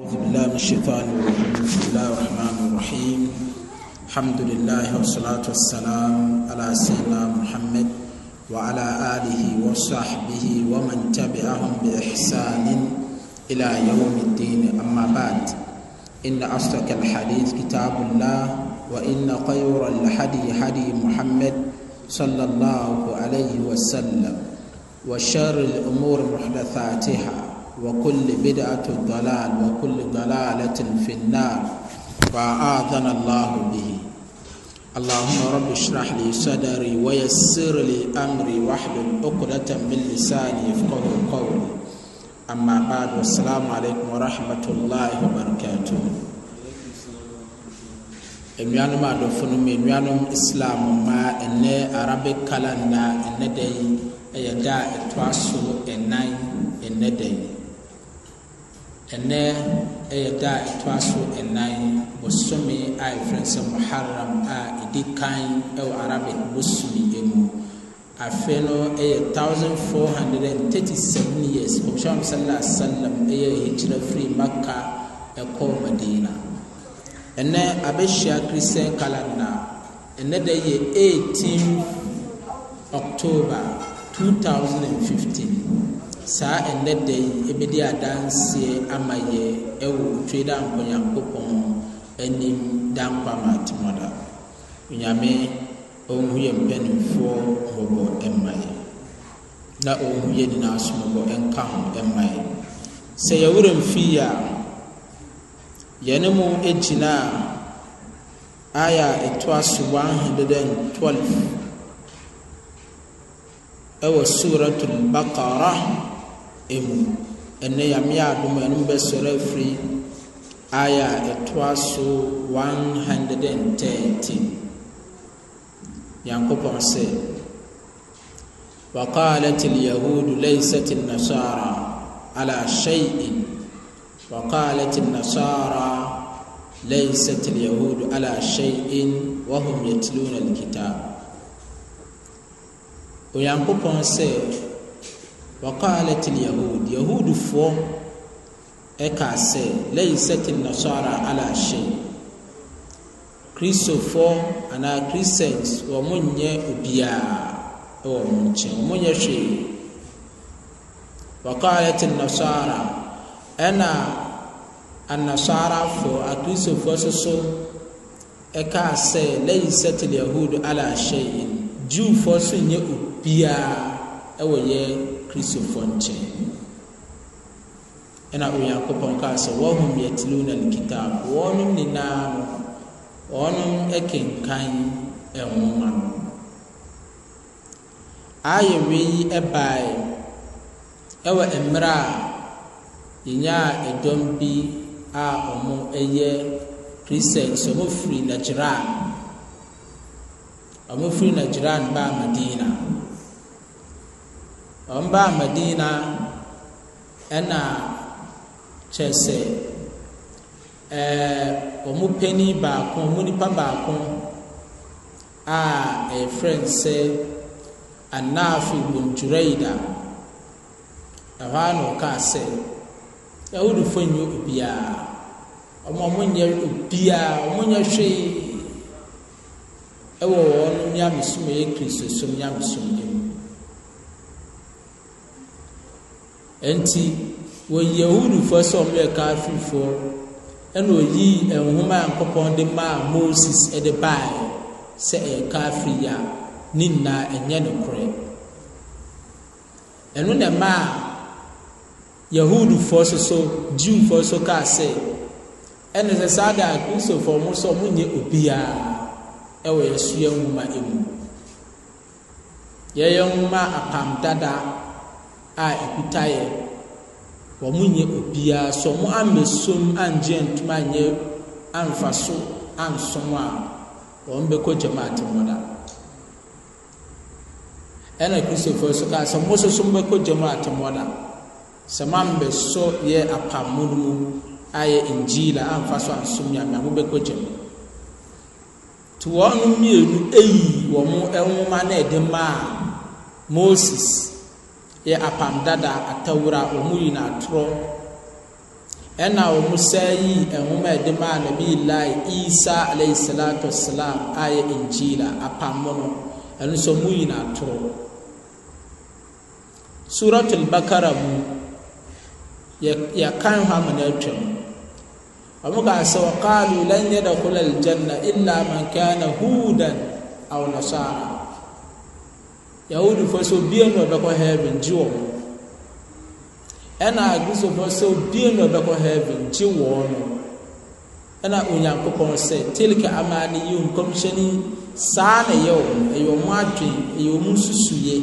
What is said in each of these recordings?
أعوذ بالله من الشيطان الرجيم بسم الله الرحمن الرحيم الحمد لله والصلاة والسلام على سيدنا محمد وعلى آله وصحبه ومن تبعهم بإحسان إلى يوم الدين أما بعد إن أصدق الحديث كتاب الله وإن خير الحدي حدي محمد صلى الله عليه وسلم وشر الأمور محدثاتها وكل بدعة ضلال وكل ضلالة في النار فآذن الله به اللهم رب اشرح لي صدري ويسر لي أمري واحلل عقدة من لساني يفقه قولي أما بعد والسلام عليكم ورحمة الله وبركاته nnuanom adɔfo no mu nnuanom islam ma ene arabic calendar ɛnɛ dɛn ɛyɛ da a ɛtoa so ɛnan ɛnɛ ɛnɛ ɛyɛ da a ɛtoa so ɛnan bosome a yɛfrɛ sɛ muharram a ɛdi kan ɛwɔ e arabic bosome mu afei no ɛyɛ thousand four hundred and thirty seven years ɔbɛhyɛn sallallahu alaihi wa sallam ɛyɛ ɛkyerɛ firi maka ɛkɔ madina ɛnɛ abɛhyia christian calendar ɛnɛ da yɛ eighteen october two thousand and fifteen saa ɛnnɛ da yi ɛbɛdi adanseɛ ama yɛ ɛwɔ twe da nkɔnyankopɔn anim da nkwa ma atemɔda onyame ɔnhu yɛ mpanimfoɔ mmɔbɔ ɛmma yɛ na ɔnhu yɛ nyinaa so mmɔbɔ ɛnka ho ɛmma yɛ sɛ yɛwura mfi yi a yɛne mu gyina a aya ɛtoa so 112 ɛwɔ suratul bakara emu ɛnɛ yame adum ɛnum bɛ sɔrɔ afiri aya ɛtoa so one hundred and thirteen yankopɔn sɛ وقالت اليهود ليست النصارى على شيء وقالت النصارى ليست اليهود على شيء وهم يتلون الكتاب onyankopɔn sɛ wakalat lyahud yahudfoɔ ɛkaa sɛ laisat nasara ala shei kristofoɔ anaa christians wɔ mo nyɛ obiaa ɛwɔ mo nkyɛn wɔ mo nyɛ hwee wakalat nasara ɛna anasarafoɔ akristofoɔ soso ɛkaa sɛ laisat lyahud ala shein jewfoɔ so nyɛ obi biaa ɛwɔ yɛ kristofɔ nkyɛn ɛna onyankopɔn kaa sɛ wɔhom na alkitab wɔnom nyinaa no ɔnom ɛkenkan ɛnwoma no ayɛ yi ɛbae ɛwɔ mmerɛ a yɛnyaa ɛdɔm bi a ɔmo ɛyɛ kristian sɛ ɔmo firi nagyiran ɔmo baa madina wɔn baa madina ɛna kyɛ sɛ ɛɛ wɔn panyin baako wɔn nipa baako a ɛyɛfrɛ nsɛ anaafi bontureida ɛhɔ ano ɔkaa sɛ ɛwudufo nyɛ obiara wɔn a wɔnyɛ obiara wɔnyɛ hwee ɛwɔ wɔn nyamesom ɛyɛ kristosom nyamesom yɛ. ɛnti wɔyi ahudufoɔ sɛ ɔmo yɛ kaafifoɔ ɛna oyii nhoma a nkɔpɔn maa moses ɛde baeɛ sɛ ɛyɛ kaafiri a ne nyinaa ɛnyɛ no korɛ ɛno na ɛma a yahudufoɔ so so jiwfoɔ so kaa sɛ ɛna sɛ saa da akristofoɔ mo sɛ ɔmo nyɛ obiara ɛwɔ nwoma emu yɛyɛ nwoma apam dada a ɛkuta yɛ wɔn nyɛ obiara so wɔn amɛsom angye ntoma anyɛ amfa so ansom a wɔn bɛkɔ jamaat mmoda ɛna kristofoɔ so kaa sɛ mo soso bɛkɔ jamaat mmoda sɛ mo ambɛsɔ yɛ apamu no mu ayɛ ngiila amfa so ansom nyame a mo bɛkɔ jamaat te wɔn mmienu eyi wɔn nwoma na ɛde maa moses yɛ apam dada atawura wɔn yi na atorɔ ɛna wɔn saa yi nwoma a yɛde maa nabi lai isa alayhi salatu wasalam a yɛ nkyila apam no ɛno nso wɔn yi na atorɔ suratul bakara mu yɛkan hɔ ama na atwam wɔn kaa sɛ wɔkaalu lan yɛda kula aljanna illa man kana hudan yahudifo sɛ obia na ɔbɛkɔ heaven gye wɔ no ɛna agristofo sɛ obia na ɔbɛkɔ heaven gye wɔ no ɛna onyankopɔn sɛ tilka amane yi nkɔmhyɛni saa na ɛyɛ wɔ ɛyɛ ɛyɛ susuyɛ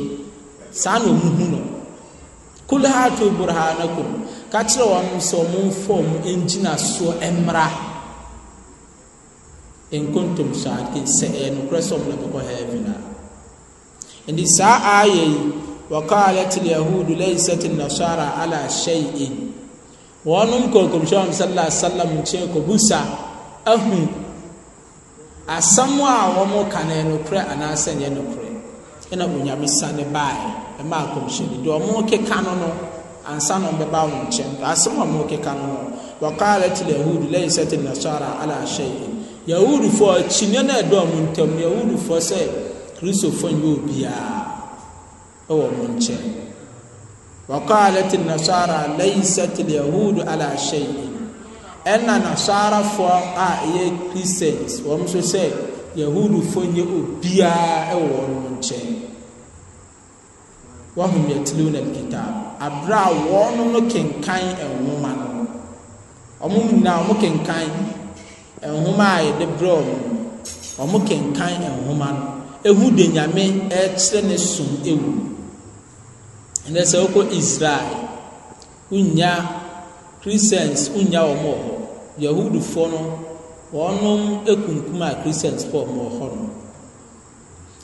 saa na hu no ka kyerɛ wɔn sɛ fɔm soɔ nkontom ade sɛ ɛyɛ nokorɛ sɛ na heaven a nti saa aayɛ yi wakalat lyahudu laisat nasara ala shay'in wɔnom kɔkɔmhyɛm sala salam nkyɛn kɔbusa ahu asɛm a wɔmo ka no nokorɛ anaasɛ nyɛ nokorɛ ɛna onyame sane baeɛ ɛma akɔmhyɛni deɛ ɔmo keka no no ansa na ɔmbɛba wɔn nkyɛn asɛm a ɔmo keka no no wakalat lyahudu laisat nasara ala shay'in yahudufoɔ kyinɛ no ɛdɔɔ mo yahudufoɔ sɛ kristofoɔ nyɛ obiara ɛwɔ mo nkyɛn wakalet nasara laisat lyahudu ala shay'in ɛna nasarafoɔ a ɛyɛ christians wɔn nso sɛ yahudufoɔ nyɛ obiara ah, ɛwɔ wɔn nkyɛn wɔhom yɛtiluna alkitab aberɛ a wɔn no kenkan nwoma no wɔn nyinaa wɔn kenkan nwoma a yɛde brɛ wɔn wɔn kenkan nwoma no ɛhu de nyame ɛkyerɛ ne som ɛwu ɛnɛ sɛ wokɔ israel wonya christians wonya wɔ mɔ hɔ yahudifoɔ no wɔnom ɛkunkum a christians fɔ mɔ hɔ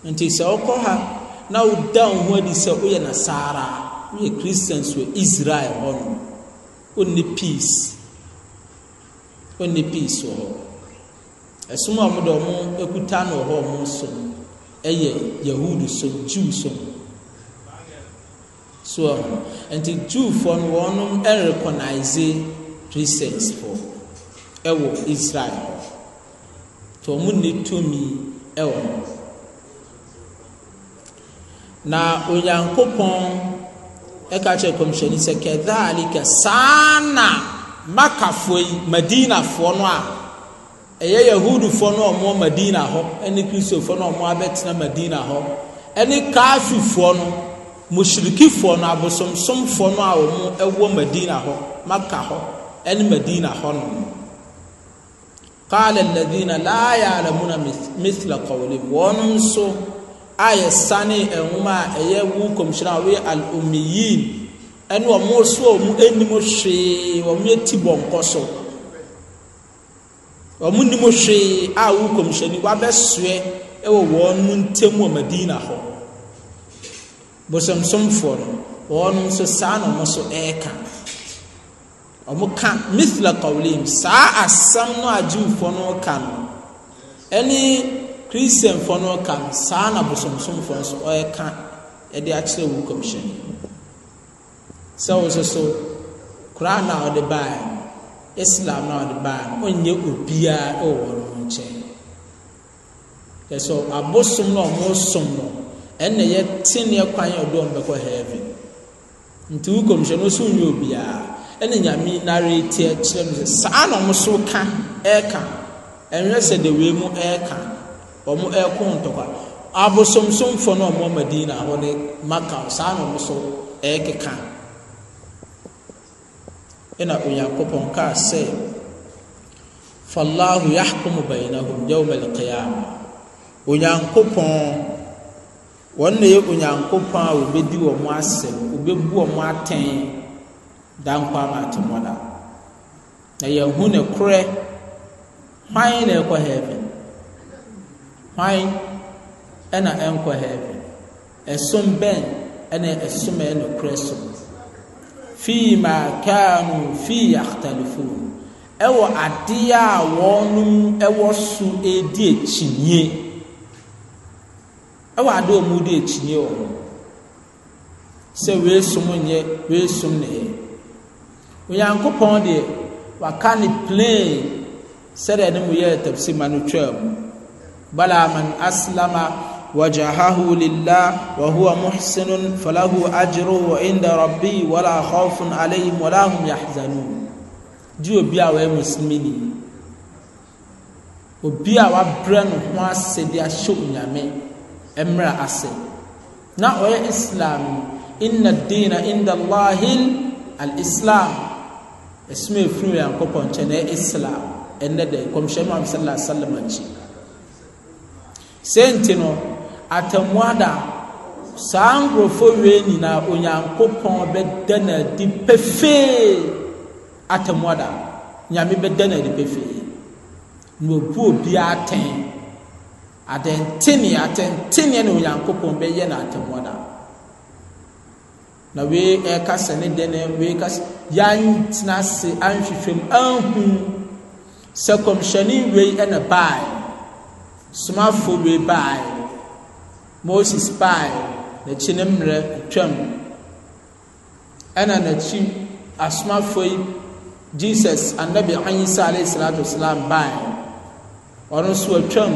no nti sɛ wokɔ ha na woda wo ho adi sɛ woyɛ nasaara woyɛ christians wɔ israel hɔ no wonni peace wonni peace wɔ hɔ ɛsom a wɔde wɔn kuta no wɔ hɔ a wɔsom no ɛyɛ yahudu so jew so so ɛho nti jewfo no wɔnom ɛrekonaize christians fo ɛwɔ israel hɔ nti wɔn nne tumi ɛwɔ hɔ na onyankopɔn ɛka kyerɛ kɔmhyɛni sɛ kɛdaalika saa na makafoɔ yi madinafoɔ no a ɛyɛ yahudufoɔ no ɔmo madina hɔ ɛne kristofoɔ no ɔmo abɛtena madina hɔ ɛne kaafifoɔ no mushrikifoɔ no abosomsomfoɔ no a ɔmo ɛwɔ madina hɔ maka hɔ ɛne madina hɔ no kaala ladina laa yaalamuna misla kɔwli wɔn nso a yɛsane nwoma a ɛyɛ wu kɔmhyɛn a wɔyɛ al ɛne ɔmo so a ɔmo anim hwee ɔmo yɛ ti bɔnkɔ so ɔmo nim hwee a wo kɔmhyɛni wabɛsoɛ wɔ wɔn mu ntam wɔ madina hɔ bosomsomfoɔ no wɔn nso saa na wɔn nso ɛreka wɔn ka mithla kɔwlim saa asam no a jiwfoɔ no ka no ɛne kristianfoɔ no ka no saa na bosomsomfoɔ nso ɔreka ɛde akyerɛ wo kɔmhyɛni sɛ wɔn nso so koraa na ɔde baa islam na ɔde baa no ɔnyɛ obiaa ɛwɔ ọ nkyɛn ɛ abosom no ɔmosom no ɛnna yɛ teneɛ kwan yɛ ɔde ɔmo bɛkɔ heaven nti wo kɔmhyɛ no so nyɛ obiara ɛna nyame nare tie kyerɛ no sɛ saa na ɔmo ka ɛɛka e sɛ de wei mu ɛɛka ɔmo ɛɛko ntɔkwa na hɔ ne maka saa na ɔmo ɛɛkeka. ɛna onyankopɔn kaa sɛ fallahu yahkumu bainahum yawma alqiyama onyankopɔn wɔn na yɛ onyankopɔn a wɔbɛdi wɔn mo asɛm wɔbɛbu wɔn mo atɛn danko ama atemɔda na yɛhu ne korɛ hwan na ɛkɔ heaven hwan ɛna ɛnkɔ heaven ɛsom bɛn ɛna ɛsom korɛ som fii ma kanu fii yaxtalifun ɛwɔ adeɛ a wɔn ɛwɔ so edi ekyinie ɛwɔ adeɛ a wɔn di ekyinie wɔ ho sɛ weesum nyɛ weesum na yɛ onyankopɔn deɛ waka ne plane sɛdeɛ ne mu yɛ tɛpsi ma no twɛm bala man aslama. وجهه لله وهو محسن فله أجره عند ربي ولا خوف عليهم ولا هم يحزنون جو obi a wɔyɛ musulmi ni obi a wabrɛ no ho ase de ahyɛ onyame mmerɛ ase na ɔyɛ islam inna diina inda allahi alislam ɛsom ɛfiri nyankopɔn nkyɛn na ɛyɛ islam ɛnnɛ dɛ kɔmhyɛ mu am sallallahu alaihi akyi sɛnti no atammuada saa nkurɔfo wie nyinaa onyankopɔn bɛda no adi pefee atammuada nyame bɛda no adi pefee na wabu obiara atɛn adɛnteneɛ atɛnteneɛ na onyankopɔn bɛyɛ no atammuada na wei ɛreka sɛ ne dɛn wei ka sɛ yɛantena ase anhwehwɛm anhu sɛ kɔmhyɛne wei ɛna bae somafoɔ wei bae moses bae n'akyi ne mmerɛ twam ɛna n'akyi asomafoɔ yi jesus anabi anyisa alayhi salatu salam bae ɔno nso atwam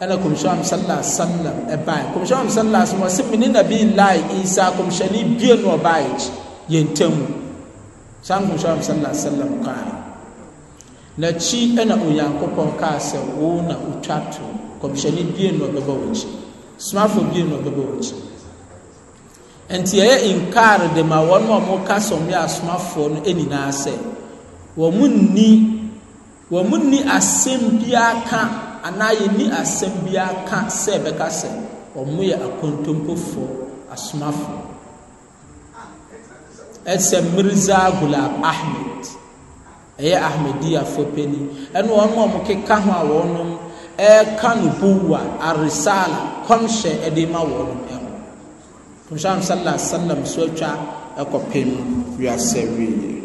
ɛna kɔmhyɛn sallallahu sallam ɛbae kɔmhyɛn sallallahu sallam ɔsɛ mene nabi lai isa kɔmhyɛni bie no ɔbae akyi yɛn ntam san kɔmhyɛn sallallahu sallam kae n'akyi ɛna onyankopɔn kaa sɛ wo na otwa to kɔmhyɛni bie no ɔbɛba wɔ akyi smartphone bi no bɛbɛ wɔkyi nti ɛyɛ nkaare de ma wɔn a wɔka sɔmi a smartphone no nyinaa sɛ wɔn ni wɔn ni asɛm biara ka anaa yɛni asɛm biara ka sɛ ɛbɛka sɛ wɔn yɛ akontompofoɔ asomafoɔ ɛsɛ mirza gulam ahmed ɛyɛ ahmediyafoɔ panyin ɛna wɔn a wɔkeka ho a wɔn ɛreka nubuwa arisala kɔmhyɛ ɛde ma wɔn ɛho kɔmhyɛ ansalasala nso atwa ɛkɔpem wiase wiyɛ.